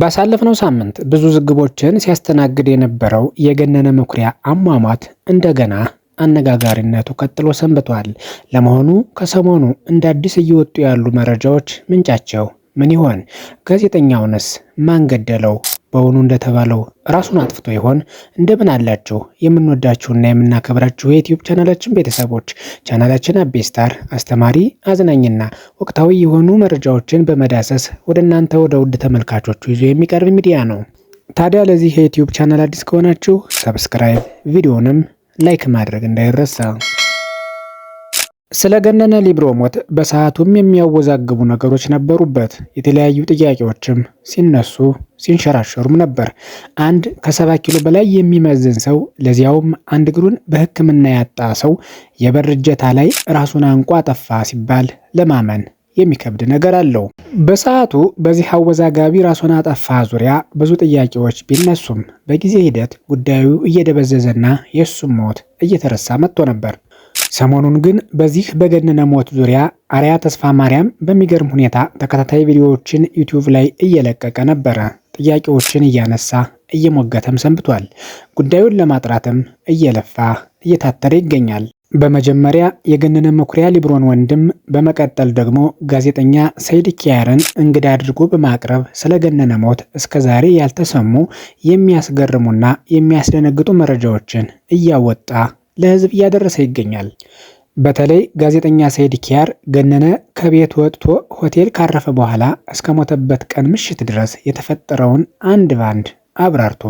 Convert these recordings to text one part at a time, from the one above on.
ባሳለፍነው ሳምንት ብዙ ዝግቦችን ሲያስተናግድ የነበረው የገነነ መኩሪያ አሟሟት እንደገና አነጋጋሪነቱ ቀጥሎ ሰንብቷል። ለመሆኑ ከሰሞኑ እንደ አዲስ እየወጡ ያሉ መረጃዎች ምንጫቸው ምን ይሆን? ጋዜጠኛውንስ ማን ገደለው? በውኑ እንደተባለው ራሱን አጥፍቶ ይሆን? እንደምን አላችሁ የምንወዳችሁና የምናከብራችሁ የዩትዩብ ቻናላችን ቤተሰቦች፣ ቻናላችን አቤ ስታር አስተማሪ፣ አዝናኝና ወቅታዊ የሆኑ መረጃዎችን በመዳሰስ ወደ እናንተ ወደ ውድ ተመልካቾቹ ይዞ የሚቀርብ ሚዲያ ነው። ታዲያ ለዚህ የዩትዩብ ቻናል አዲስ ከሆናችሁ ሰብስክራይብ፣ ቪዲዮንም ላይክ ማድረግ እንዳይረሳ ስለ ገነነ ሞት በሰዓቱም የሚያወዛግቡ ነገሮች ነበሩበት። የተለያዩ ጥያቄዎችም ሲነሱ ሲንሸራሸሩም ነበር። አንድ ከሰባ ኪሎ በላይ የሚመዝን ሰው ለዚያውም አንድ እግሩን በሕክምና ያጣ ሰው የበር እጀታ ላይ ራሱን አንቋ ጠፋ ሲባል ለማመን የሚከብድ ነገር አለው። በሰዓቱ በዚህ አወዛጋቢ ራሱን አጠፋ ዙሪያ ብዙ ጥያቄዎች ቢነሱም በጊዜ ሂደት ጉዳዩ እየደበዘዘና የእሱም ሞት እየተረሳ መጥቶ ነበር። ሰሞኑን ግን በዚህ በገነነ ሞት ዙሪያ አርያ ተስፋ ማርያም በሚገርም ሁኔታ ተከታታይ ቪዲዮዎችን ዩቲዩብ ላይ እየለቀቀ ነበረ። ጥያቄዎችን እያነሳ እየሞገተም ሰንብቷል። ጉዳዩን ለማጥራትም እየለፋ እየታተረ ይገኛል። በመጀመሪያ የገነነ መኩሪያ ሊብሮን ወንድም፣ በመቀጠል ደግሞ ጋዜጠኛ ሰይድ ኪያርን እንግዳ አድርጎ በማቅረብ ስለ ገነነ ሞት እስከ ዛሬ ያልተሰሙ የሚያስገርሙና የሚያስደነግጡ መረጃዎችን እያወጣ ለህዝብ እያደረሰ ይገኛል። በተለይ ጋዜጠኛ ሰይድ ኪያር ገነነ ከቤት ወጥቶ ሆቴል ካረፈ በኋላ እስከ ሞተበት ቀን ምሽት ድረስ የተፈጠረውን አንድ ባንድ አብራርቶ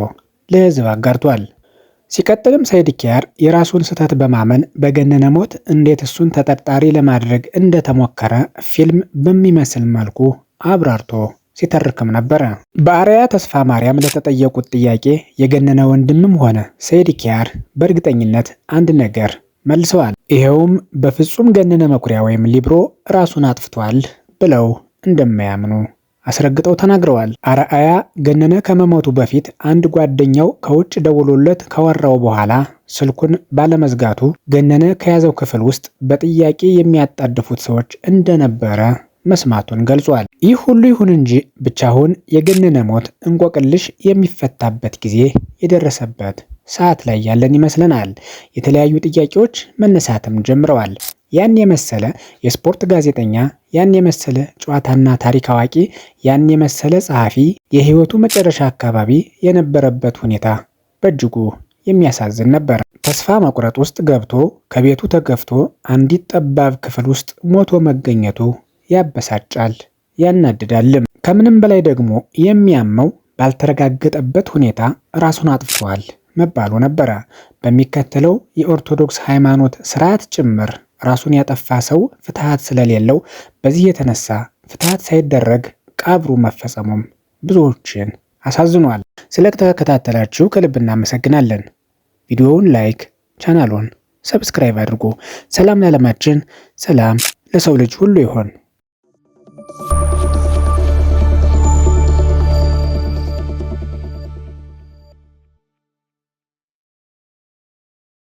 ለህዝብ አጋርቷል። ሲቀጥልም ሰይድ ኪያር የራሱን ስህተት በማመን በገነነ ሞት እንዴት እሱን ተጠርጣሪ ለማድረግ እንደተሞከረ ፊልም በሚመስል መልኩ አብራርቶ ሲተርክም ነበረ። በአርአያ ተስፋ ማርያም ለተጠየቁት ጥያቄ የገነነ ወንድምም ሆነ ሰይድ ኪያር በእርግጠኝነት አንድ ነገር መልሰዋል። ይኸውም በፍጹም ገነነ መኩሪያ ወይም ሊብሮ ራሱን አጥፍቷል ብለው እንደማያምኑ አስረግጠው ተናግረዋል። አርአያ ገነነ ከመሞቱ በፊት አንድ ጓደኛው ከውጭ ደውሎለት ካወራው በኋላ ስልኩን ባለመዝጋቱ ገነነ ከያዘው ክፍል ውስጥ በጥያቄ የሚያጣድፉት ሰዎች እንደነበረ መስማቱን ገልጿል። ይህ ሁሉ ይሁን እንጂ ሁን የገነነ ሞት እንቆቅልሽ የሚፈታበት ጊዜ የደረሰበት ሰዓት ላይ ያለን ይመስለናል። የተለያዩ ጥያቄዎች መነሳትም ጀምረዋል። ያን የመሰለ የስፖርት ጋዜጠኛ፣ ያን የመሰለ ጨዋታና ታሪክ አዋቂ፣ ያን የመሰለ ጸሐፊ የህይወቱ መጨረሻ አካባቢ የነበረበት ሁኔታ በእጅጉ የሚያሳዝን ነበር። ተስፋ መቁረጥ ውስጥ ገብቶ ከቤቱ ተገፍቶ አንዲት ጠባብ ክፍል ውስጥ ሞቶ መገኘቱ ያበሳጫል፣ ያናድዳልም። ከምንም በላይ ደግሞ የሚያመው ባልተረጋገጠበት ሁኔታ ራሱን አጥፍቷል መባሉ ነበረ። በሚከተለው የኦርቶዶክስ ሃይማኖት ስርዓት ጭምር ራሱን ያጠፋ ሰው ፍትሐት ስለሌለው በዚህ የተነሳ ፍትሐት ሳይደረግ ቀብሩ መፈጸሙም ብዙዎችን አሳዝኗል። ስለተከታተላችሁ ከልብ እናመሰግናለን። ቪዲዮውን ላይክ፣ ቻናሉን ሰብስክራይብ አድርጉ። ሰላም ለዓለማችን፣ ሰላም ለሰው ልጅ ሁሉ ይሆን።